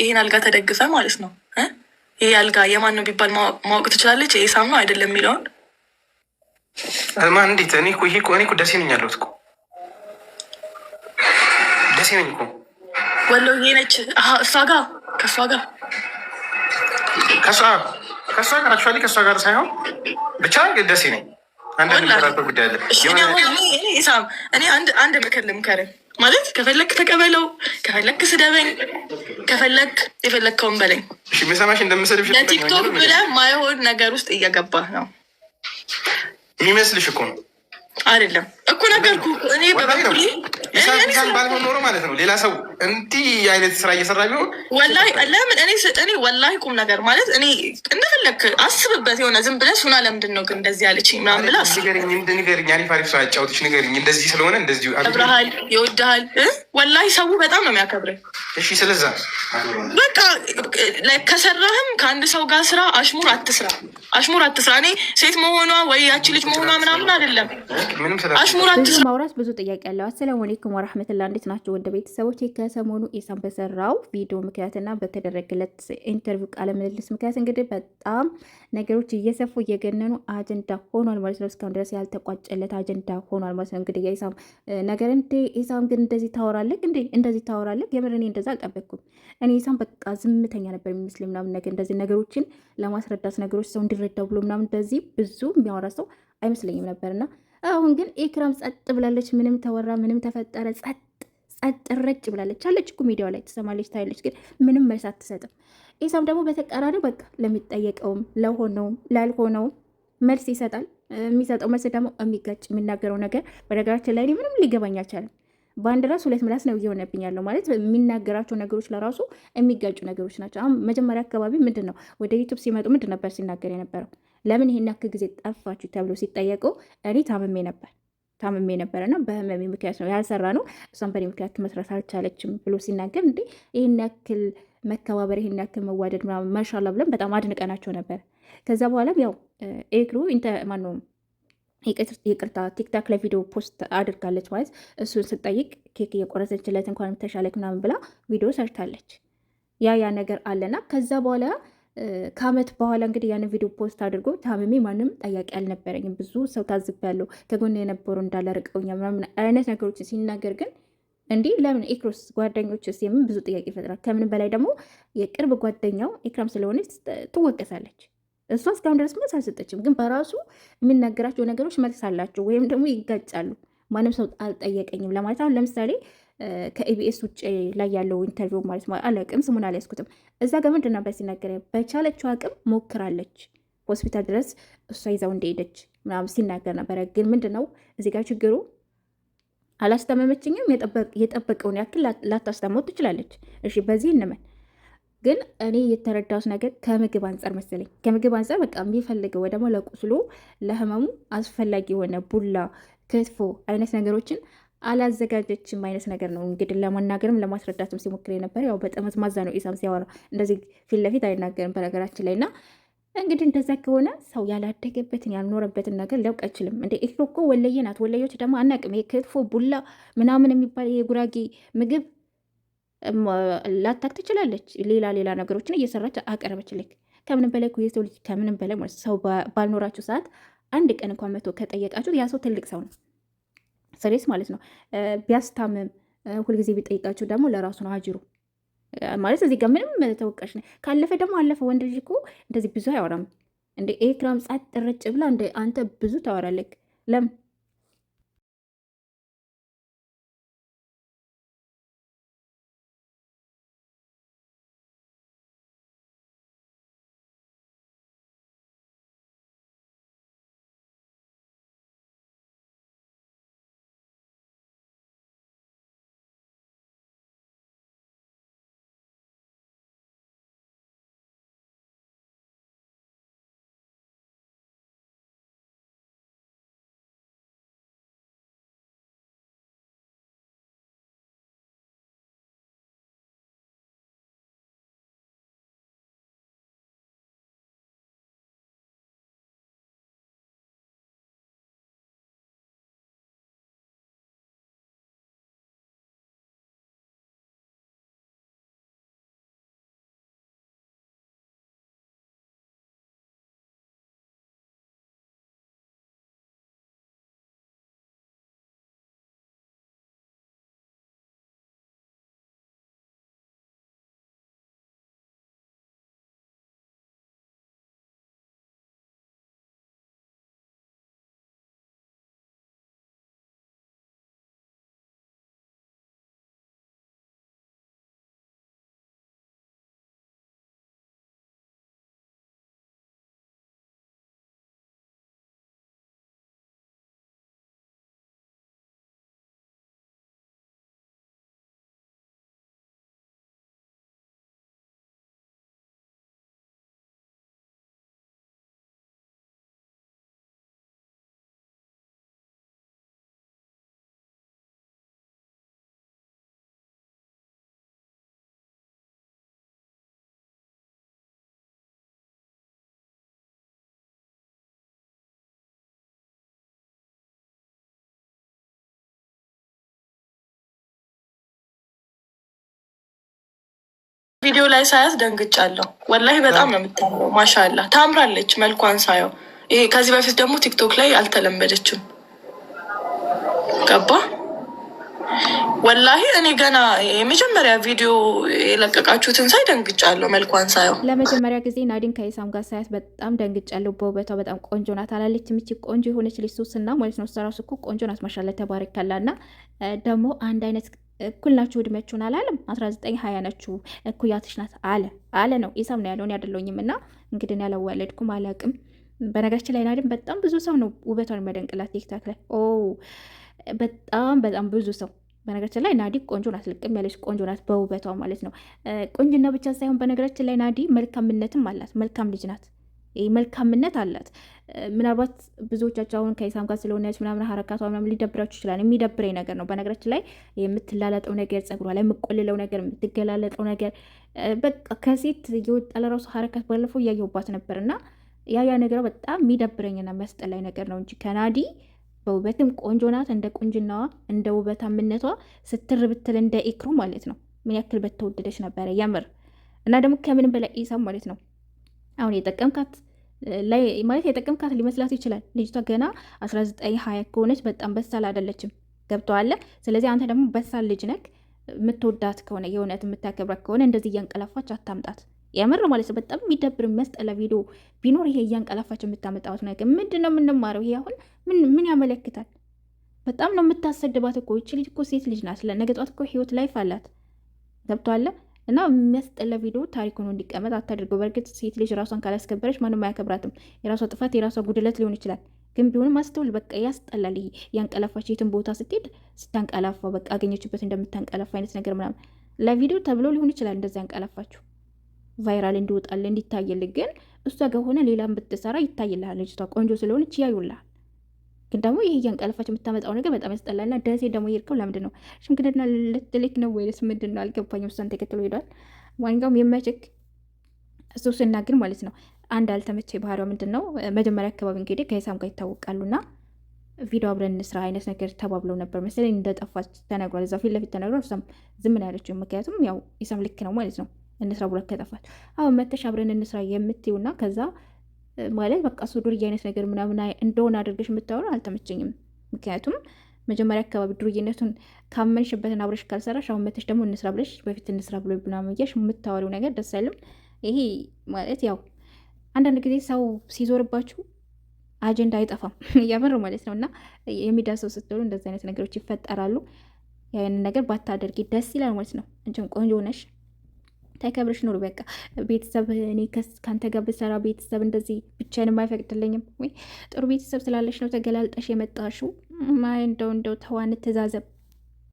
ይሄን አልጋ ተደግፈ ማለት ነው። ይሄ አልጋ የማን ነው ቢባል ማወቅ ትችላለች። ይሄ ሳም ነው አይደለም የሚለውን ማ እንዴት እኔ እኮ ይሄ እኔ እኮ ደሴ ነኝ ያለሁት እኮ ደሴ ነኝ እኮ ወለው ይሄ ነች እሷ ጋር ከእሷ ጋር ከእሷ ከእሷ ጋር አክቹዋሊ ከእሷ ጋር ሳይሆን ብቻ ደሴ ነኝ። አንዳንድ ጉዳይ አለ። እኔ ሳም አንድ አንድ ምክር ልምከርን ማለት ከፈለክ ተቀበለው፣ ከፈለክ ስደበኝ፣ ከፈለክ የፈለግከውን በለኝ። ለቲክቶክ ብለህ ማይሆን ነገር ውስጥ እየገባህ ነው የሚመስልሽ እኮ ነው። አይደለም እኮ ነገርኩህ እኔ በበኩሌ ኢሳም ባልሆን ኖሮ ማለት ነው ሌላ ሰው እንዲህ አይነት ስራ እየሰራ ቢሆን ወላሂ ለምን እኔ ወላሂ ቁም ነገር ማለት እኔ እንደፈለክ አስብበት። የሆነ ዝም ብለሽ ሱና ለምንድን ነው ግን እንደዚህ ምናምን ንገርኝ፣ ንገርኝ፣ አሪፍ አሪፍ ሰው አጫውትሽ ንገርኝ። እንደዚህ ስለሆነ እንደዚህ ይወድሃል። ወላሂ ሰው በጣም ነው የሚያከብረን። እሺ፣ ስለዛ በቃ ከሰራህም ከአንድ ሰው ጋር ስራ፣ አሽሙር አትስራ፣ አሽሙር አትስራ። እኔ ሴት መሆኗ ወይ ያቺ ልጅ መሆኗ ምናምን አይደለም፣ አሽሙር አትስራ። ማውራት ብዙ ጥያቄ ያለው አሰላሙ አለይኩም አለይኩም ወራህመቱላህ እንዴት ናቸው ወደ ቤተሰቦች ከሰሞኑ ኢሳም በሰራው ቪዲዮ ምክንያትና በተደረገለት ኢንተርቪው ቃለ ምልልስ ምክንያት እንግዲህ በጣም ነገሮች እየሰፉ እየገነኑ አጀንዳ ሆኗል ማለት ነው። እስካሁን ድረስ ያልተቋጨለት አጀንዳ ሆኗል ማለት ነው። እንግዲህ የኢሳም ነገር እንዴ ኢሳም ግን እንደዚህ ታወራለህ እንዴ እንደዚህ ታወራለህ? የምር እኔ እንደዛ አልጠበቅኩም። እኔ ኢሳም በቃ ዝምተኛ ነበር የሚመስል ምናምን ነገር እንደዚህ ነገሮችን ለማስረዳት ነገሮች ሰው እንዲረዳው ብሎ ምናምን እንደዚህ ብዙ የሚያወራ ሰው አይመስለኝም ነበርና አሁን ግን ኤክራም ጸጥ ብላለች። ምንም ተወራ፣ ምንም ተፈጠረ፣ ጸጥ ጸጥ ረጭ ብላለች። አለች እኮ ሚዲያው ላይ ትሰማለች፣ ታያለች፣ ግን ምንም መልስ አትሰጥም። ኢሳም ደግሞ በተቃራኒው በቃ ለሚጠየቀውም ለሆነውም ላልሆነውም መልስ ይሰጣል። የሚሰጠው መልስ ደግሞ የሚጋጭ የሚናገረው ነገር በነገራችን ላይ ምንም ሊገባኝ አልቻለም። በአንድ ራስ ሁለት ምላስ ነው እየሆነብኝ ያለው ማለት የሚናገራቸው ነገሮች ለራሱ የሚጋጩ ነገሮች ናቸው። አሁን መጀመሪያ አካባቢ ምንድን ነው ወደ ዩቱብ ሲመጡ ምንድን ነበር ሲናገር የነበረው ለምን ይሄን ያክል ጊዜ ጠፋችሁ ተብሎ ሲጠየቁ እኔ ታምሜ ነበር ታምሜ ነበረና በህመሜ ምክንያት ነው ያልሰራ ነው እሷን በእኔ ምክንያት መስራት አልቻለችም ብሎ ሲናገር እንዴ ይህን ያክል መከባበር ይህን ያክል መዋደድ ምናምን መሻላ ብለን በጣም አድንቀናቸው ነበር። ከዛ በኋላም ያው ኤግሩ ማነው ይቅርታ ቲክታክ ለቪዲዮ ፖስት አድርጋለች ማለት እሱን ስጠይቅ ኬክ እየቆረሰችለት እንኳን ተሻለች ምናምን ብላ ቪዲዮ ሰርታለች። ያ ያ ነገር አለና ከዛ በኋላ ከአመት በኋላ እንግዲህ ያንን ቪዲዮ ፖስት አድርጎ ታምሜ ማንም ጠያቂ አልነበረኝም፣ ብዙ ሰው ያለው ከጎን የነበሩ እንዳለ ምናምን አይነት ነገሮችን ሲናገር ግን እንዲህ ለምን ኤክሮስ ጓደኞች ስ የምን ብዙ ጥያቄ ይፈጥራል። ከምንም በላይ ደግሞ የቅርብ ጓደኛው ኤክራም ስለሆነች ትወቀሳለች። እሷ እስካሁን ድረስ መልስ አልሰጠችም፣ ግን በራሱ የሚናገራቸው ነገሮች መልስ አላቸው ወይም ደግሞ ይጋጫሉ። ማንም ሰው አልጠየቀኝም ለማለት አሁን ለምሳሌ ከኢቢኤስ ውጭ ላይ ያለው ኢንተርቪው ማለት ነው። አላቅም ስሙን አልያዝኩትም። እዛ ጋር ምንድን ነበር ሲናገር በቻለችው አቅም ሞክራለች፣ ሆስፒታል ድረስ እሷ ይዛው እንደሄደች ምናምን ሲናገር ነበረ። ግን ምንድን ነው እዚህ ጋር ችግሩ አላስተመመችኝም የጠበቀውን ያክል ላታስታመው ትችላለች። እሺ በዚህ እንመን። ግን እኔ የተረዳሁት ነገር ከምግብ አንጻር መሰለኝ፣ ከምግብ አንጻር በቃ የሚፈልገው ወይ ደግሞ ለቁስሉ ለህመሙ አስፈላጊ የሆነ ቡላ፣ ክትፎ አይነት ነገሮችን አላዘጋጀችም አይነት ነገር ነው እንግዲህ ለማናገርም ለማስረዳትም ሲሞክር የነበረ ያው በጠመዝማዛ ነው ኢሳም ሲያወራ እንደዚህ ፊት ለፊት አይናገርም በነገራችን ላይ እና እንግዲህ እንደዛ ከሆነ ሰው ያላደገበትን ያልኖረበትን ነገር ሊያውቅ አይችልም። እንደ ኢትዮ እኮ ወለየ ናት። ወለዮች ደግሞ አናቅም። ክትፎ ቡላ ምናምን የሚባል የጉራጌ ምግብ ላታክ ትችላለች። ሌላ ሌላ ነገሮችን እየሰራች አቀረበች። ልክ ከምንም በላይ የሰው ልጅ ከምንም በላይ ሰው ባልኖራችሁ ሰዓት አንድ ቀን እንኳን መቶ ከጠየቃችሁ ያ ሰው ትልቅ ሰው ነው። ስሬስ ማለት ነው ቢያስታምም ሁልጊዜ ቢጠይቃቸው ደግሞ ለራሱ ነው አጅሩ ማለት እዚህ ጋር ምንም ተወቃሽ ነ ካለፈ ደግሞ አለፈ። ወንድ ልጅ እኮ እንደዚህ ብዙ አያወራም እንደ ኤክራም ጻት ጥረጭ ብላ አንተ ብዙ ታወራለህ ለም ቪዲዮ ላይ ሳያት ደንግጫለሁ። ወላሂ በጣም ነው የምታምረው። ማሻላ ታምራለች። መልኳን ሳየው ይሄ ከዚህ በፊት ደግሞ ቲክቶክ ላይ አልተለመደችም። ገባ ወላሂ እኔ ገና የመጀመሪያ ቪዲዮ የለቀቃችሁትን ሳይ ደንግጫለሁ። መልኳን ሳየው ለመጀመሪያ ጊዜ ናዲን ከኢሳም ጋር ሳያት በጣም ደንግጫለሁ። በውበቷ በጣም ቆንጆ ናት አላለች? ምች ቆንጆ የሆነች ልጅ ሶስና ማለት ነው። እሷ እራሱ እኮ ቆንጆ ናት። ማሻላ ተባረካላ። እና ደግሞ አንድ አይነት እኩል ናችሁ እድሜያችሁን አላለም። አስራ ዘጠኝ ሀያ ናችሁ እኩያትሽ ናት አለ አለ ነው ኢሳም ነው ያለውን ያደለውኝም እና እንግዲህ ያላዋለድኩም አላቅም። በነገራችን ላይ ናድም በጣም ብዙ ሰው ነው ውበቷን የሚያደንቅላት ቲክታክ ላይ ኦ በጣም በጣም ብዙ ሰው በነገራችን ላይ ናዲ ቆንጆ ናት፣ ልቅም ያለች ቆንጆ ናት በውበቷ ማለት ነው። ቆንጅና ብቻ ሳይሆን በነገራችን ላይ ናዲ መልካምነትም አላት። መልካም ልጅ ናት። መልካምነት አላት። ምናልባት ብዙዎቻቸው አሁን ከኢሳም ጋር ስለሆነች ምናምን ሀረካቷ ምናምን ሊደብራችሁ ይችላል። የሚደብረኝ ነገር ነው በነገራችን ላይ የምትላለጠው ነገር፣ ጸጉሯ ላይ የምቆልለው ነገር፣ የምትገላለጠው ነገር በቃ ከሴት እየወጣ ለራሱ ሀረካት ባለፈው እያየሁባት ነበር እና ያ ያ ነገሯ በጣም የሚደብረኝና የሚያስጠላኝ ነገር ነው እንጂ ከናዲ በውበትም ቆንጆ ናት። እንደ ቁንጅናዋ እንደ ውበታምነቷ ስትር ብትል እንደ ኢክሩ ማለት ነው ምን ያክል በተወደደች ነበረ የምር እና ደግሞ ከምንም በላይ ኢሳም ማለት ነው አሁን የጠቀምካት ላይ ማለት የጠቀምካት ሊመስላት ይችላል። ልጅቷ ገና 19 20 ከሆነች በጣም በሳል አይደለችም። ገብተዋለ። ስለዚህ አንተ ደግሞ በሳል ልጅ ነክ የምትወዳት ከሆነ የእውነት የምታከብራት ከሆነ እንደዚህ እያንቀላፋች አታምጣት። የምር ማለት ነው። በጣም የሚደብር የሚያስጠላ ቪዲዮ ቢኖር ይሄ እያንቀላፋች የምታመጣት ነገር ምንድን ነው የምንማረው? ይሄ አሁን ምን ያመለክታል? በጣም ነው የምታሰድባት እኮ ይቺ ልጅ እኮ ሴት ልጅ ናት። ለነገጧት እኮ ህይወት ላይፍ አላት። ገብተዋለ እና የሚያስጠላ ቪዲዮ ታሪክ ሆኖ እንዲቀመጥ አታድርገው። በእርግጥ ሴት ልጅ ራሷን ካላስከበረች ማንም አያከብራትም። የራሷ ጥፋት የራሷ ጉድለት ሊሆን ይችላል። ግን ቢሆንም አስተውል። በቃ ያስጠላል። ያንቀላፋች የትን ቦታ ስትሄድ ስታንቀላፋ በቃ አገኘችበት እንደምታንቀላፋ አይነት ነገር ምናምን ለቪዲዮ ተብሎ ሊሆን ይችላል እንደዚ ያንቀላፋችሁ ቫይራል እንዲወጣል እንዲታየል። ግን እሷ ጋር ሆነ ሌላም ብትሰራ ይታይልሃል። ልጅቷ ቆንጆ ስለሆነች ያዩልሃል። ግን ደግሞ ይህ እያንቀለፋች የምታመጣው ነገር በጣም ያስጠላል። እና ደሴ ደግሞ የሄድከው ለምንድን ነው? ሽምግልና ልትልክ ነው ወይስ ምንድን ነው? አልገባኝም። እሷን ተከትሎ ሄዷል። ዋንጋውም የመችክ እሱ ስናግር ማለት ነው አንድ አልተመቸ ባህሪዋ ምንድን ነው? መጀመሪያ አካባቢ እንግዲህ ከሂሳም ጋር ይታወቃሉ ይታወቃሉና ቪዲዮ አብረን እንስራ አይነት ነገር ተባብለው ነበር መሰለኝ። እንደጠፋች ተነግሯል። እዛ ፊት ለፊት ተነግሯል። እሷም ዝም ነው ያለችው። ምክንያቱም ያው ሂሳም ልክ ነው ማለት ነው። እንስራ ብሏት ከጠፋች አሁን መተሽ አብረን እንስራ የምትይውና ከዛ ማለት በቃ እሱ ዱርዬ አይነት ነገር ምናምን እንደሆነ አድርገሽ የምታወሩ አልተመቸኝም። ምክንያቱም መጀመሪያ አካባቢ ዱርዬነቱን ካመንሽበትን አብረሽ ካልሰራሽ አሁን መተሽ ደግሞ እንስራ ብለሽ በፊት እንስራ ብሎ ብናመያሽ የምታወሪው ነገር ደስ አይልም። ይሄ ማለት ያው አንዳንድ ጊዜ ሰው ሲዞርባችሁ አጀንዳ አይጠፋም እያመረ ማለት ነው። እና የሚዳሰው ስትሆኑ እንደዚህ አይነት ነገሮች ይፈጠራሉ። ያንን ነገር ባታደርጊ ደስ ይላል ማለት ነው። እንችም ቆንጆ ነሽ። ተከብረሽ ኑሪ። በቃ ቤተሰብ እኔ ከአንተ ጋር ብሰራ ቤተሰብ እንደዚህ ብቻዬንም አይፈቅድልኝም ወይ? ጥሩ ቤተሰብ ስላለሽ ነው ተገላልጠሽ የመጣሽው። ማይ እንደው እንደው ተዋን ተዛዘብ